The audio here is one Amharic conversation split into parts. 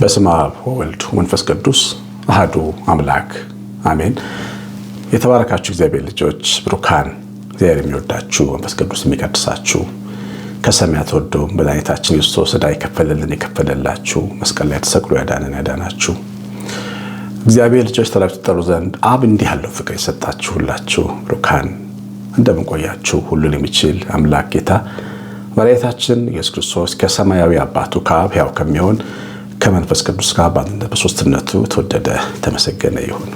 በስመ አብ ወወልድ መንፈስ ቅዱስ አህዱ አምላክ አሜን። የተባረካችሁ እግዚአብሔር ልጆች ብሩካን፣ እግዚአብሔር የሚወዳችሁ መንፈስ ቅዱስ የሚቀድሳችሁ ከሰማያት ተወዶ መድኃኒታችን ክርስቶስ ዕዳ የከፈለልን የከፈለላችሁ መስቀል ላይ ተሰቅሎ ያዳንን ያዳናችሁ እግዚአብሔር ልጆች ተብላችሁ ትጠሩ ዘንድ አብ እንዲህ ያለው ፍቅር የሰጣችሁላችሁ ብሩካን እንደምንቆያችሁ ሁሉን የሚችል አምላክ ጌታ መድኃኒታችን ኢየሱስ ክርስቶስ ከሰማያዊ አባቱ ከአብ ያው ከሚሆን ከመንፈስ ቅዱስ ጋር በአንድነት በሶስትነቱ የተወደደ ተመሰገነ ይሁን።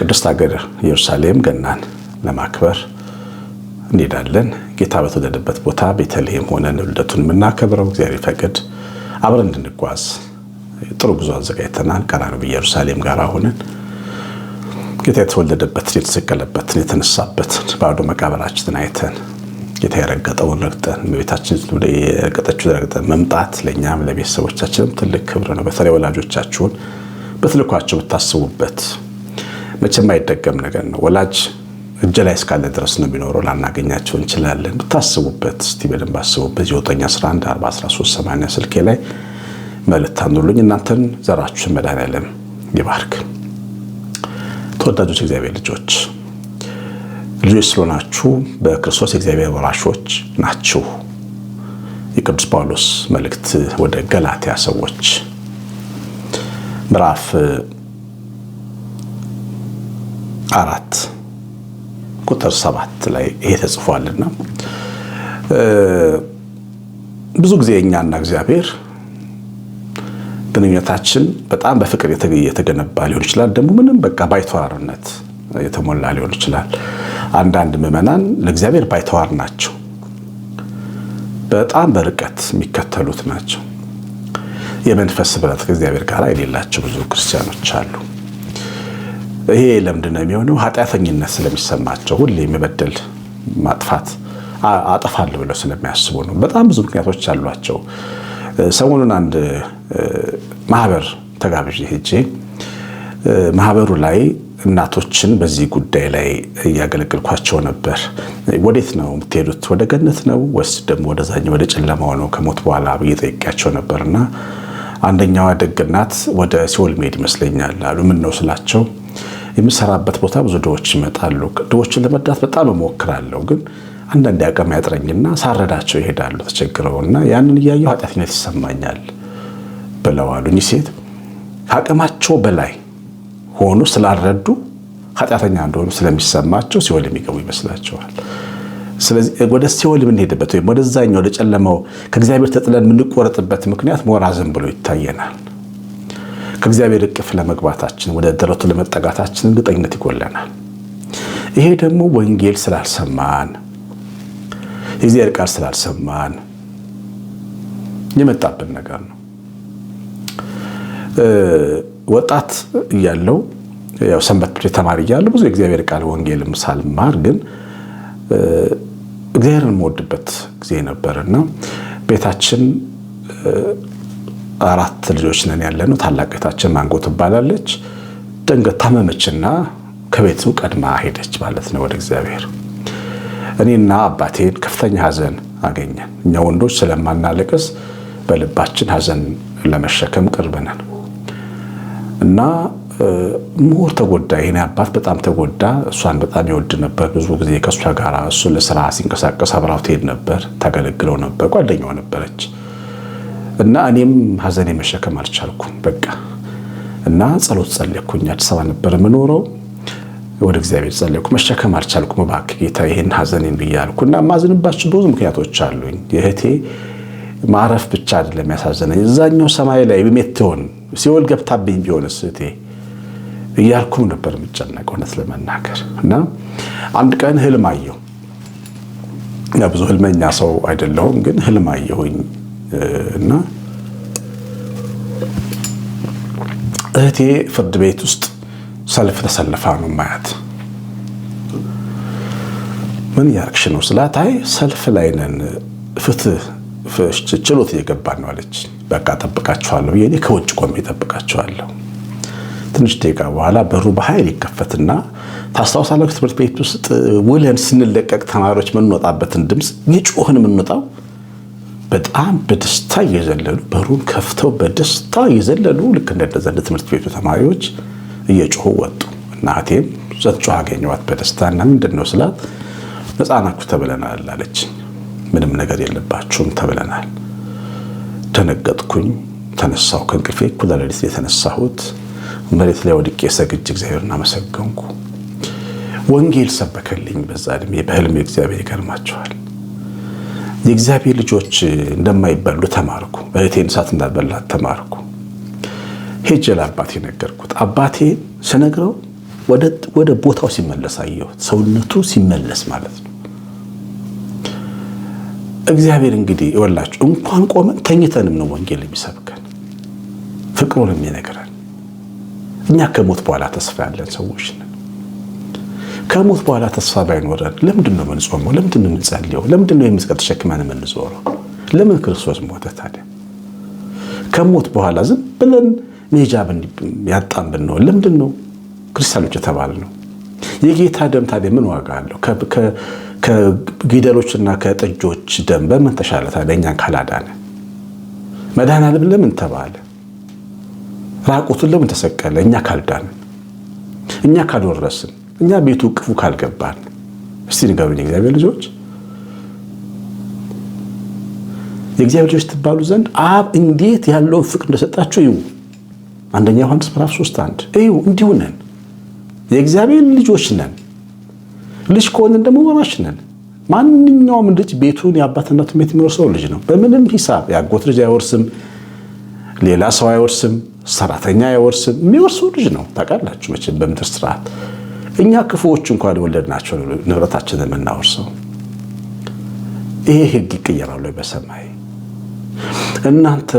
ቅድስት ሀገር ኢየሩሳሌም ገናን ለማክበር እንሄዳለን። ጌታ በተወለደበት ቦታ ቤተልሔም ሆነን ልደቱን የምናከብረው እግዚአብሔር ፈቅድ አብረን እንድንጓዝ ጥሩ ጉዞ አዘጋጅተናል። ቀራንዮ ኢየሩሳሌም ጋር ሆነን ጌታ የተወለደበትን የተሰቀለበትን የተነሳበትን ባዶ መቃብራችንን አይተን ጌታ የረገጠውን ረግጠን እመቤታችን ወደ የረገጠችውን ረግጠን መምጣት ለእኛም ለቤተሰቦቻችንም ትልቅ ክብር ነው። በተለይ ወላጆቻችሁን በትልኳቸው ብታስቡበት መቼም አይደገም ነገር ነው። ወላጅ እጅ ላይ እስካለ ድረስ ነው የሚኖረው። ላናገኛቸው እንችላለን። ብታስቡበት እስቲ በደንብ አስቡበት። 9114380 ስልኬ ላይ መልእክት አኑሩልኝ። እናንተን ዘራችሁን መድኃኔዓለም ይባርክ። ተወዳጆች እግዚአብሔር ልጆች ልጆች ስለሆናችሁ በክርስቶስ የእግዚአብሔር ወራሾች ናችሁ። የቅዱስ ጳውሎስ መልእክት ወደ ገላትያ ሰዎች ምዕራፍ አራት ቁጥር ሰባት ላይ ይሄ ተጽፏልና ብዙ ጊዜ እኛና እግዚአብሔር ግንኙነታችን በጣም በፍቅር የተገነባ ሊሆን ይችላል። ደግሞ ምንም በቃ ባይተዋርነት የተሞላ ሊሆን ይችላል። አንዳንድ ምዕመናን ለእግዚአብሔር ባይተዋር ናቸው። በጣም በርቀት የሚከተሉት ናቸው። የመንፈስ ህብረት ከእግዚአብሔር ጋር የሌላቸው ብዙ ክርስቲያኖች አሉ። ይሄ ለምንድነው የሚሆነው? ኃጢአተኝነት ስለሚሰማቸው ሁሌ የመበደል ማጥፋት አጠፋለሁ ብለው ስለሚያስቡ ነው። በጣም ብዙ ምክንያቶች አሏቸው። ሰሞኑን አንድ ማህበር ተጋብዤ ሄጄ ማህበሩ ላይ እናቶችን በዚህ ጉዳይ ላይ እያገለገልኳቸው ነበር። ወዴት ነው የምትሄዱት? ወደ ገነት ነው ወይስ ደግሞ ወደዛኛው ወደ ጨለማው ነው ከሞት በኋላ ብዬ ጠይቄያቸው ነበር እና አንደኛዋ ደግ እናት ወደ ሲኦል መሄድ ይመስለኛል አሉ። ምን ነው ስላቸው የምሰራበት ቦታ ብዙ ድሆች ይመጣሉ። ድሆችን ለመዳት በጣም እሞክራለሁ፣ ግን አንዳንድ አቅም ያጥረኝና ሳረዳቸው ይሄዳሉ እና ያንን እያየሁ ኃጢአትነት ይሰማኛል ብለዋሉ። እኚህ ሴት ከአቅማቸው በላይ ሆኑ ስላልረዱ ኃጢአተኛ እንደሆኑ ስለሚሰማቸው ሲኦል የሚገቡ ይመስላቸዋል። ስለዚህ ወደ ሲኦል የምንሄድበት ወይም ወደዛኛው ወደ ጨለማው ከእግዚአብሔር ተጥለን የምንቆረጥበት ምክንያት ሞራ ዝም ብሎ ይታየናል። ከእግዚአብሔር እቅፍ ለመግባታችን ወደ ደረቱ ለመጠጋታችን እርግጠኝነት ይጎለናል። ይሄ ደግሞ ወንጌል ስላልሰማን የእግዚአብሔር ቃል ስላልሰማን የመጣብን ነገር ነው። ወጣት እያለው ያው ሰንበት ትምህርት ተማሪ እያለው ብዙ የእግዚአብሔር ቃል ወንጌልም ሳልማር ግን እግዚአብሔርን የምወድበት ጊዜ ነበር እና ቤታችን አራት ልጆች ነን ያለ ነው። ታላቅ ቤታችን ማንጎ ትባላለች። ድንገት ታመመችና ከቤቱ ቀድማ ሄደች ማለት ነው ወደ እግዚአብሔር። እኔና አባቴን ከፍተኛ ሐዘን አገኘን። እኛ ወንዶች ስለማናለቅስ በልባችን ሐዘን ለመሸከም ቅርብ ነን። እና ምሁር ተጎዳ። ይሄኔ አባት በጣም ተጎዳ። እሷን በጣም ይወድ ነበር። ብዙ ጊዜ ከእሷ ጋር እሱ ለስራ ሲንቀሳቀስ አብራው ትሄድ ነበር፣ ታገለግለው ነበር፣ ጓደኛው ነበረች። እና እኔም ሀዘኔ መሸከም አልቻልኩም። በቃ እና ጸሎት ጸለኩኝ። አዲስ አበባ ነበር የምኖረው። ወደ እግዚአብሔር ጸለኩ። መሸከም አልቻልኩም። እባክህ ጌታ ይህን ሀዘኔን ብያልኩ እና ማዝንባቸው ብዙ ምክንያቶች አሉኝ የእህቴ ማረፍ ብቻ አይደለም ያሳዘነኝ፣ እዛኛው ሰማይ ላይ ሜት ትሆን ሲወል ገብታብኝ ቢሆን ስቴ እያልኩም ነበር የምጨነቀው እውነት ለመናገር እና አንድ ቀን ህልም አየሁ። ብዙ ህልመኛ ሰው አይደለሁም፣ ግን ህልም አየሁኝ እና እህቴ ፍርድ ቤት ውስጥ ሰልፍ ተሰልፋ ነው ማያት። ምን ያርክሽ ነው ስላት፣ አይ ሰልፍ ላይ ነን ፍትህ ችሎት እየገባን ነው አለች። በቃ ጠብቃችኋለሁ ብዬ እኔ ከውጭ ቆሜ ጠብቃችኋለሁ። ትንሽ ደቂቃ በኋላ በሩ በኃይል ይከፈትና ታስታውሳላችሁ፣ ትምህርት ቤት ውስጥ ውለን ስንለቀቅ ተማሪዎች የምንወጣበትን ድምፅ የጮህን የምንወጣው በጣም በደስታ እየዘለሉ በሩን ከፍተው በደስታ እየዘለሉ ልክ እንደዛ ትምህርት ቤቱ ተማሪዎች እየጮሁ ወጡ። እናቴም ዘጮ አገኘዋት በደስታ እና ምንድን ነው ስላት ነፃ ናችሁ ተብለናል አለች። ምንም ነገር የለባችሁም ተብለናል። ደነገጥኩኝ። ተነሳሁ ከእንቅልፌ። እኩለ ሌሊት የተነሳሁት መሬት ላይ ወድቄ ሰግጄ እግዚአብሔርን አመሰገንኩ። ወንጌል ሰበከልኝ። በዛ እድሜ በህልም እግዚአብሔር ይገርማቸዋል። የእግዚአብሔር ልጆች እንደማይበሉ ተማርኩ። እህቴን እሳት እንዳትበላት ተማርኩ። ሄጄ ለአባቴ ነገርኩት። አባቴ ስነግረው ወደ ቦታው ሲመለስ አየሁት። ሰውነቱ ሲመለስ ማለት ነው። እግዚአብሔር እንግዲህ ይወላችሁ እንኳን ቆመን ተኝተንም ነው ወንጌል የሚሰብከን ፍቅሩንም ይነግረን። እኛ ከሞት በኋላ ተስፋ ያለን ሰዎች ነን። ከሞት በኋላ ተስፋ ባይኖረን ለምንድን ነው የምንጾመው? ለምንድን ነው የምንጸልየው? ለምንድን ነው የመስቀል ተሸክመን የምንዞረው? ለምን ክርስቶስ ሞተ ታዲያ? ከሞት በኋላ ዝም ብለን ሜጃ ያጣን ብንሆን ለምንድን ነው ክርስቲያኖች የተባል ነው? የጌታ ደም ታዲያ ምን ዋጋ አለው? ከጊደሎችና ከጥጆች ደም በምን ተሻለ ታዲያ? እኛን ካላዳነ መድኃኔዓለም ለምን ተባለ? ራቁቱን ለምን ተሰቀለ? እኛ ካልዳንን፣ እኛ ካልወረስን፣ እኛ ቤቱ ቅፉ ካልገባን፣ እስቲ ንገሩኝ የእግዚአብሔር ልጆች የእግዚአብሔር ልጆች ትባሉ ዘንድ አብ እንዴት ያለውን ፍቅር እንደሰጣችሁ እዩ። አንደኛ ዮሐንስ ምዕራፍ 3 አንድ እዩ። እንዲሁ ነን፣ የእግዚአብሔር ልጆች ነን። ልጅ ከሆንን ደግሞ ወራሽ ነን። ማንኛውም ልጅ ቤቱን የአባትነቱ ቤት የሚወርሰው ልጅ ነው። በምንም ሂሳብ የአጎት ልጅ አይወርስም፣ ሌላ ሰው አይወርስም፣ ሰራተኛ አይወርስም። የሚወርሰው ልጅ ነው። ታውቃላችሁ መቼም በምድር ስርዓት እኛ ክፉዎች እንኳን የወለድናቸው ንብረታችን የምናወርሰው። ይሄ ህግ ይቀየራሉ በሰማይ እናንተ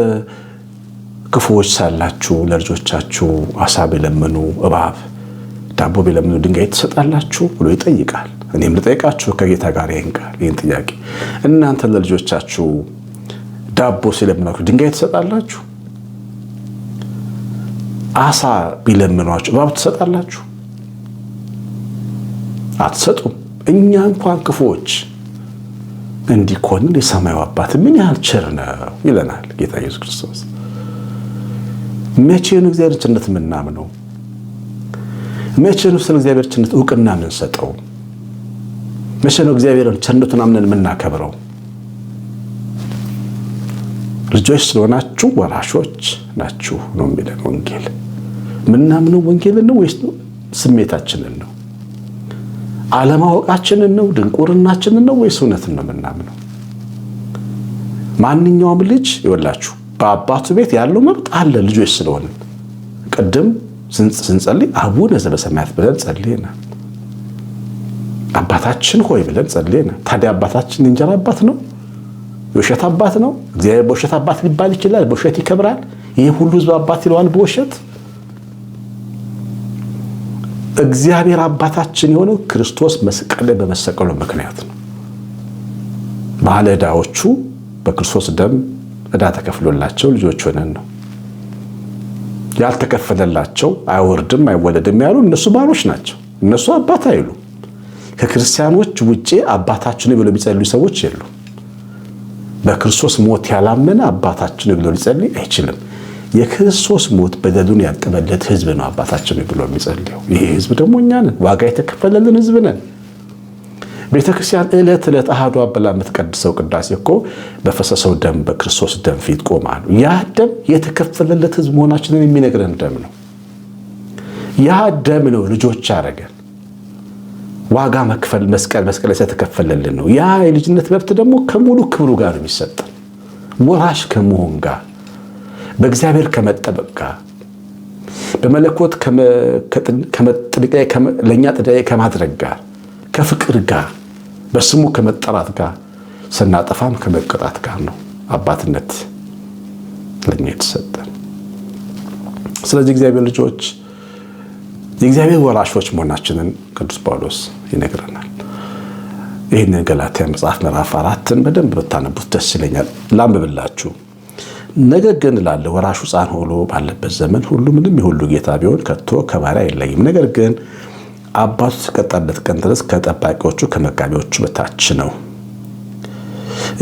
ክፉዎች ሳላችሁ ለልጆቻችሁ አሳብ የለመኑ እባብ ዳቦ ቢለምኑ ድንጋይ ትሰጣላችሁ ብሎ ይጠይቃል። እኔም ልጠይቃችሁ ከጌታ ጋር ይህን ቃል ይህን ጥያቄ እናንተ ለልጆቻችሁ ዳቦ ሲለምናችሁ ድንጋይ ትሰጣላችሁ? አሳ ቢለምኗችሁ እባብ ትሰጣላችሁ? አትሰጡም። እኛ እንኳን ክፉዎች እንዲኮንን የሰማዩ አባት ምን ያህል ቸር ነው ይለናል ጌታ ኢየሱስ ክርስቶስ። መቼ ነው እግዚአብሔር ቸርነት የምናምነው? መቼ ነው ስለ እግዚአብሔር ቸርነት እውቅና የምንሰጠው? መቼ ነው እግዚአብሔርን ቸርነቱን አምነን የምናከብረው? ልጆች ስለሆናችሁ ወራሾች ናችሁ ነው የሚለን ወንጌል። ምናምነው ወንጌልን ነው ወይስ ስሜታችንን ነው? አለማወቃችንን ነው? ድንቁርናችንን ነው ወይስ እውነትን ነው የምናምነው? ማንኛውም ልጅ ይወላችሁ በአባቱ ቤት ያለው መብት አለ። ልጆች ስለሆነ ቅድም ስንጸልይ አቡነ ዘበሰማያት ብለን ጸልየናል። አባታችን ሆይ ብለን ጸልየናል። ታዲያ አባታችን እንጀራ አባት ነው? የውሸት አባት ነው? እግዚአብሔር በውሸት አባት ሊባል ይችላል? በውሸት ይከብራል? ይህ ሁሉ ህዝብ አባት ይለዋል በውሸት እግዚአብሔር አባታችን የሆነው ክርስቶስ መስቀል ላይ በመሰቀሉ ምክንያት ነው። ባለ ዕዳዎቹ በክርስቶስ ደም ዕዳ ተከፍሎላቸው ልጆች ሆነን ነው። ያልተከፈለላቸው አይወርድም አይወለድም ያሉ እነሱ ባሎች ናቸው። እነሱ አባት አይሉ። ከክርስቲያኖች ውጭ አባታችን ብለው የሚጸልዩ ሰዎች የሉ። በክርስቶስ ሞት ያላመነ አባታችን ብሎ ሊጸልይ አይችልም። የክርስቶስ ሞት በደሉን ያጠበለት ህዝብ ነው አባታችን ብሎ የሚጸልየው። ይሄ ህዝብ ደግሞ እኛ ነን። ዋጋ የተከፈለልን ህዝብ ነን። ቤተክርስቲያን ዕለት ዕለት አህዶ አበላ የምትቀድሰው ቅዳሴ እኮ በፈሰሰው ደም በክርስቶስ ደም ፊት ቆማሉ። ያ ደም የተከፈለለት ህዝብ መሆናችንን የሚነግረን ደም ነው። ያ ደም ነው ልጆች አረገን። ዋጋ መክፈል መስቀል መስቀል ስለተከፈለልን ነው። ያ የልጅነት መብት ደግሞ ከሙሉ ክብሩ ጋር ነው የሚሰጠን ወራሽ ከመሆን ጋር በእግዚአብሔር ከመጠበቅ ጋር በመለኮት ለእኛ ጥዳዬ ከማድረግ ጋር ከፍቅር ጋር በስሙ ከመጠራት ጋር ስናጠፋም ከመቀጣት ጋር ነው አባትነት ለኛ የተሰጠን። ስለዚህ እግዚአብሔር ልጆች የእግዚአብሔር ወራሾች መሆናችንን ቅዱስ ጳውሎስ ይነግረናል። ይህንን ገላትያ መጽሐፍ ምዕራፍ አራትን በደንብ ብታነቡት ደስ ይለኛል። ላንብብላችሁ። ነገር ግን ላለ ወራሹ ሕፃን ሆኖ ባለበት ዘመን ሁሉ ምንም የሁሉ ጌታ ቢሆን ከቶ ከባሪያ አይለይም። ነገር ግን አባቱ እስከቀጣበት ቀን ድረስ ከጠባቂዎቹ ከመጋቢዎቹ በታች ነው።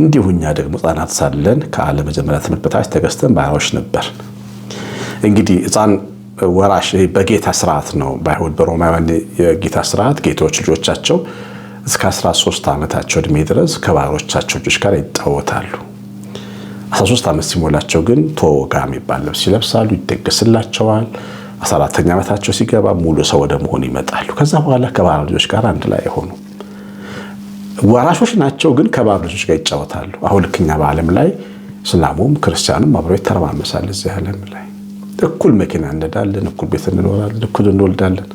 እንዲሁ እኛ ደግሞ ሕፃናት ሳለን ከዓለም መጀመሪያ ትምህርት በታች ተገዝተን ባሪያዎች ነበር። እንግዲህ ሕፃን ወራሽ በጌታ ስርዓት ነው። በአይሁድ በሮማውያን የጌታ ስርዓት ጌቶች ልጆቻቸው እስከ 13 ዓመታቸው እድሜ ድረስ ከባሮቻቸው ልጆች ጋር ይጫወታሉ። 13 ዓመት ሲሞላቸው ግን ቶጋ የሚባል ልብስ ይለብሳሉ፣ ይደገስላቸዋል። 14 ዓመታቸው ሲገባ ሙሉ ሰው ወደ መሆን ይመጣሉ። ከዛ በኋላ ከባህር ልጆች ጋር አንድ ላይ የሆኑ ወራሾች ናቸው፣ ግን ከባህር ልጆች ጋር ይጫወታሉ። አሁን ልክኛ በዓለም ላይ እስላሙም ክርስቲያኑም አብሮ ይተረማመሳል። እዚህ ዓለም ላይ እኩል መኪና እንዳለን፣ እኩል ቤት እንኖራለን፣ እኩል እንወልዳለን።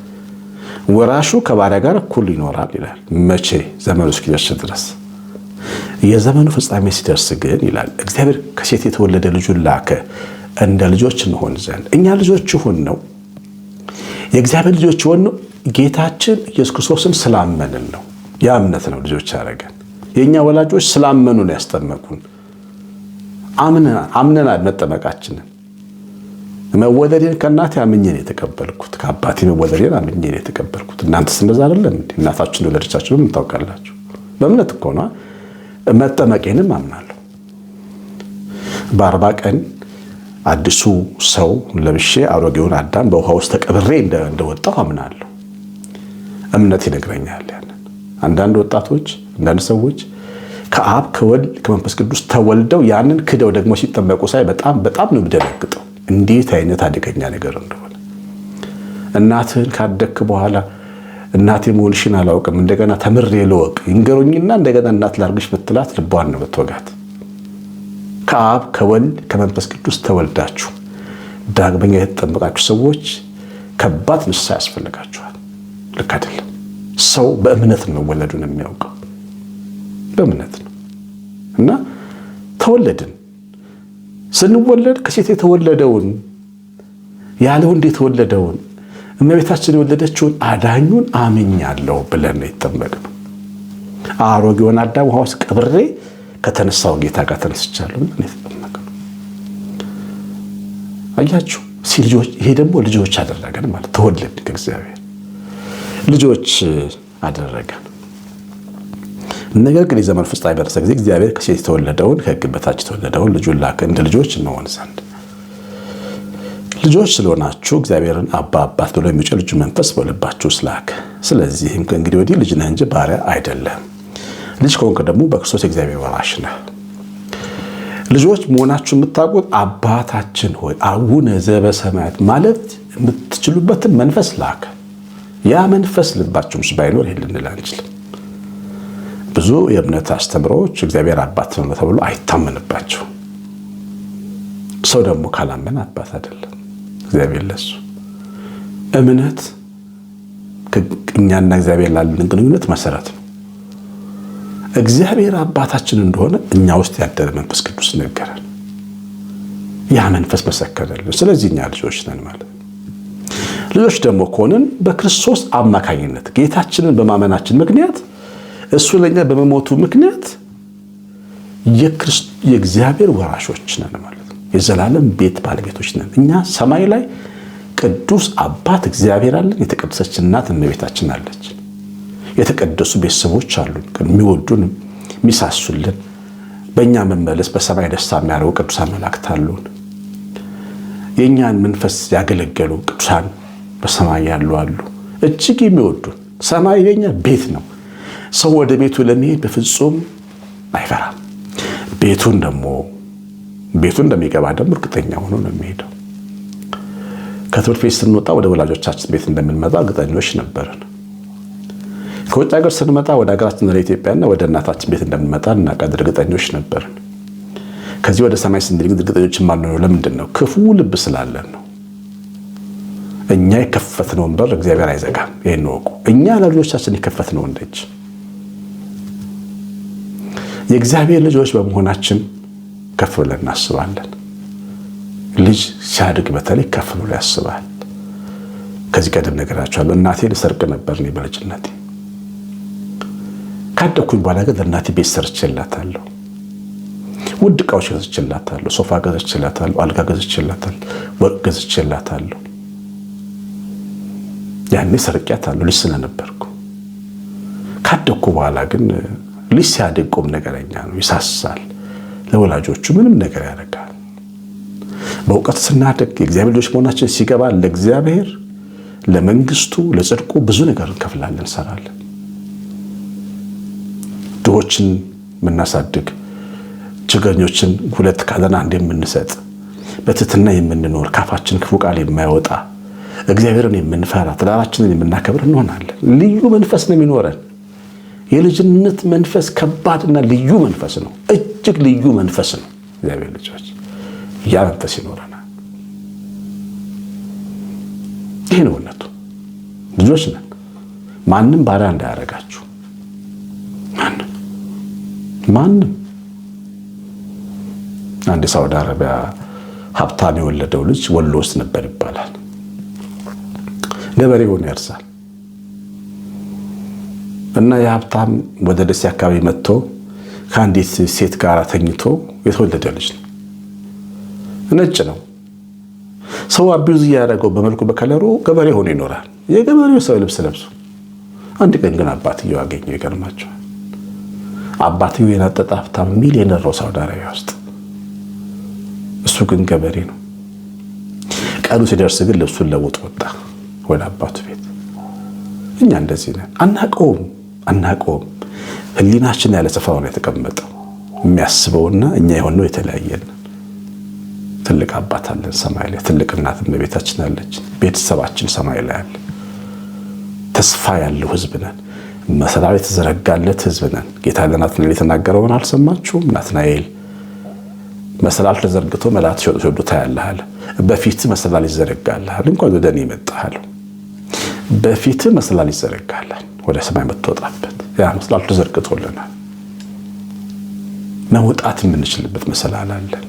ወራሹ ከባሪያ ጋር እኩል ይኖራል ይላል። መቼ ዘመኑ እስኪደርስ ድረስ። የዘመኑ ፍጻሜ ሲደርስ ግን ይላል እግዚአብሔር ከሴት የተወለደ ልጁን ላከ እንደ ልጆች እንሆን ዘንድ እኛ ልጆች ሁን ነው የእግዚአብሔር ልጆች የሆነው ጌታችን ኢየሱስ ክርስቶስን ስላመንን ነው። ያ እምነት ነው ልጆች ያደረገን። የእኛ ወላጆች ስላመኑ ነው ያስጠመቁን። አምነናል መጠመቃችንን። መወለዴን ከእናቴ አምኜ ነው የተቀበልኩት፣ ከአባቴ መወለዴን አምኜ ነው የተቀበልኩት። እናንተስ እንደዛ አይደለም? እናታችሁን የወለደቻችሁንም ታውቃላችሁ። በእምነት እኮ ነዋ። መጠመቄንም አምናለሁ በአርባ ቀን አዲሱ ሰው ለብሼ አሮጌውን አዳም በውሃ ውስጥ ተቀብሬ እንደወጣሁ አምናለሁ። እምነት ይነግረኛል ያንን። አንዳንድ ወጣቶች፣ አንዳንድ ሰዎች ከአብ ከወልድ ከመንፈስ ቅዱስ ተወልደው ያንን ክደው ደግሞ ሲጠመቁ ሳይ በጣም በጣም ነው የምደነግጠው። እንዴት አይነት አደገኛ ነገር እንደሆነ እናትህን ካደክ በኋላ እናቴ መሆንሽን አላውቅም እንደገና ተምሬ ልወቅ ይንገሩኝና እንደገና እናት ላርግሽ ብትላት ልቧን ነው ብትወጋት ከአብ ከወልድ ከመንፈስ ቅዱስ ተወልዳችሁ ዳግመኛ የተጠመቃችሁ ሰዎች ከባድ ንስሐ ያስፈልጋችኋል። ልክ አይደለም። ሰው በእምነት ነው መወለዱን የሚያውቀው በእምነት ነው እና ተወለድን ስንወለድ ከሴት የተወለደውን ያለ ወንድ የተወለደውን እመቤታችን የወለደችውን አዳኙን አምኛለሁ ብለን ነው የተጠመቅነው። አሮጌውን አዳም ውሃ ውስጥ ቀብሬ ከተነሳው ጌታ ጋር ተነስቻለሁ ብለን የተጠመቅነው። አያችሁ ሲልጆች ይሄ ደግሞ ልጆች አደረገን ማለት ተወለድን ከእግዚአብሔር ልጆች አደረገን። ነገር ግን የዘመን ፍጻሜ በደረሰ ጊዜ እግዚአብሔር ከሴት የተወለደውን ከሕግ በታች የተወለደውን ልጁን ላከ እንደ ልጆች እንሆን ዘንድ። ልጆች ስለሆናችሁ እግዚአብሔርን አባ አባት ብሎ የሚጮህ ልጁ መንፈስ በልባችሁ ስላከ። ስለዚህም ከእንግዲህ ወዲህ ልጅ ነህ እንጂ ባሪያ አይደለም። ልጅ ከሆንክ ደግሞ በክርስቶስ የእግዚአብሔር ወራሽ ነህ። ልጆች መሆናችሁ የምታውቁት አባታችን ሆይ አቡነ ዘበሰማያት ማለት የምትችሉበትን መንፈስ ላከ። ያ መንፈስ ልባችሁ ውስጥ ባይኖር ይሄን ልንል አንችልም። ብዙ የእምነት አስተምሮዎች እግዚአብሔር አባት ነው ተብሎ አይታመንባቸው። ሰው ደግሞ ካላመን አባት አይደለም እግዚአብሔር ለሱ። እምነት እኛና እግዚአብሔር ላለን ግንኙነት መሰረት ነው። እግዚአብሔር አባታችን እንደሆነ እኛ ውስጥ ያደረ መንፈስ ቅዱስ ነገረን። ያ መንፈስ መሰከረልን። ስለዚህ እኛ ልጆች ነን ማለት ልጆች ደግሞ ከሆንን በክርስቶስ አማካኝነት ጌታችንን በማመናችን ምክንያት እሱ ለእኛ በመሞቱ ምክንያት የእግዚአብሔር ወራሾች ነን ማለት ነው። የዘላለም ቤት ባለቤቶች ነን። እኛ ሰማይ ላይ ቅዱስ አባት እግዚአብሔር አለን። የተቀደሰች እናት እመቤታችን አለች። የተቀደሱ ቤተሰቦች አሉን፣ የሚወዱን የሚሳሱልን፣ በእኛ መመለስ በሰማይ ደስታ የሚያደርጉ ቅዱሳን መላእክት አሉን። የእኛን መንፈስ ያገለገሉ ቅዱሳን በሰማይ ያሉ አሉ። እጅግ የሚወዱን ሰማይ የኛ ቤት ነው። ሰው ወደ ቤቱ ለመሄድ በፍጹም አይፈራም። ቤቱን ደግሞ ቤቱ እንደሚገባ ደግሞ እርግጠኛ ሆኖ ነው የሚሄደው። ከትምህርት ቤት ስንወጣ ወደ ወላጆቻችን ቤት እንደምንመጣ እርግጠኞች ነበርን። ከውጭ ሀገር ስንመጣ ወደ ሀገራችን ወደ ኢትዮጵያና ወደ እናታችን ቤት እንደምንመጣ እናውቃለን፣ እርግጠኞች ነበር። ከዚህ ወደ ሰማይ ስንድግ እርግጠኞች ማንሆነው ለምንድን ነው? ክፉ ልብ ስላለን ነው። እኛ የከፈትነውን በር እግዚአብሔር አይዘጋም። ይህን ወቁ። እኛ ለልጆቻችን የከፈትነውን ደጅ የእግዚአብሔር ልጆች በመሆናችን ከፍ ብለን እናስባለን። ልጅ ሲያድግ በተለይ ከፍ ብሎ ያስባል። ከዚህ ቀደም ነገራቸዋለሁ። እናቴ ልሰርቅ ነበር እኔ በልጅነቴ ካደኩኝ በኋላ ግን ለእናቴ ቤት ሰርችላታለሁ። ውድ እቃዎች ገዝችላታለሁ። ሶፋ ገዝችላታለሁ። አልጋ ገዝችላታለሁ። ወርቅ ገዝችላታለሁ። ያኔ ሰርቂያታለሁ ልጅ ስለነበርኩ። ካደኩ በኋላ ግን ልጅ ሲያድግ ቁም ነገረኛ ነው፣ ይሳሳል፣ ለወላጆቹ ምንም ነገር ያደርጋል። በእውቀት ስናደግ የእግዚአብሔር ልጆች መሆናችን ሲገባ ለእግዚአብሔር ለመንግስቱ፣ ለጽድቁ ብዙ ነገር እንከፍላለን፣ እንሰራለን። ድሆችን የምናሳድግ ችግረኞችን ሁለት ካለን አንድ የምንሰጥ በትህትና የምንኖር ካፋችን ክፉ ቃል የማይወጣ እግዚአብሔርን የምንፈራ ትዳራችንን የምናከብር እንሆናለን። ልዩ መንፈስ ነው የሚኖረን። የልጅነት መንፈስ ከባድና ልዩ መንፈስ ነው። እጅግ ልዩ መንፈስ ነው። እግዚአብሔር ልጆች ያ መንፈስ ይኖረናል። ይህ ነው እውነቱ። ልጆች ነን። ማንም ባሪያ እንዳያደርጋችሁ ማንም ማንም አንድ የሳውዲ አረቢያ ሀብታም የወለደው ልጅ ወሎ ውስጥ ነበር ይባላል። ገበሬ ሆኖ ያርሳል እና የሀብታም ወደ ደሴ አካባቢ መጥቶ ከአንዲት ሴት ጋር ተኝቶ የተወለደ ልጅ ነው። ነጭ ነው። ሰው አቢውዝ እያደረገው በመልኩ በከለሩ ገበሬ ሆኖ ይኖራል። የገበሬው ሰው ልብስ ለብሶ አንድ ቀን ግን አባትየው አገኘው። ይገርማቸዋል። አባትየው የናጠጠ ሀብታም ሚሊዮነር ነው ሳውዲ አረቢያ ውስጥ። እሱ ግን ገበሬ ነው። ቀኑ ሲደርስ ግን ልብሱን ለውጥ ወጣ ወደ አባቱ ቤት። እኛ እንደዚህ ነን። አናቀውም አናቀውም። ህሊናችን ያለ ስፍራ ነው የተቀመጠው። የሚያስበውና እኛ የሆነው የተለያየን። ትልቅ አባት አለን ሰማይ ላይ፣ ትልቅ እናት በቤታችን አለች ቤተሰባችን ሰማይ ላይ አለ። ተስፋ ያለው ህዝብ ነን። መሰላል የተዘረጋለት ህዝብ ነን። ጌታ ለናትናኤል የተናገረውን አልሰማችሁም? ናትናኤል መሰላል ተዘርግቶ መላት ሲወጡ ታያለህ በፊት መሰላል ይዘረጋልሃል እንኳን ወደ እኔ መጣሃል። በፊት መሰላል ይዘረጋልሃል ወደ ሰማይ የምትወጣበት ያ መሰላል ተዘርግቶልናል። መውጣት የምንችልበት መሰላል አለን።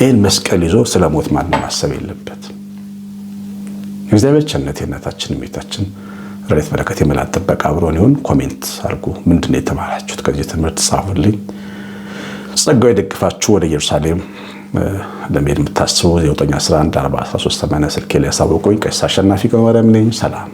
ይህን መስቀል ይዞ ስለ ሞት ማንም ማሰብ የለበት። እግዚአብሔር ቸርነት የእናታችን ቤታችን ረድኤት በረከት የመላእክት ጥበቃ አብሮን ይሁን። ኮሜንት አድርጉ። ምንድን ነው የተማራችሁት ከዚህ ትምህርት? ጻፉልኝ። ጸጋው የደግፋችሁ። ወደ ኢየሩሳሌም ለመሄድ የምታስቡ 9 11 43 ስልኬ ላይ ያሳውቁኝ። ቀሲስ አሸናፊ ገብረማርያም ነኝ። ሰላም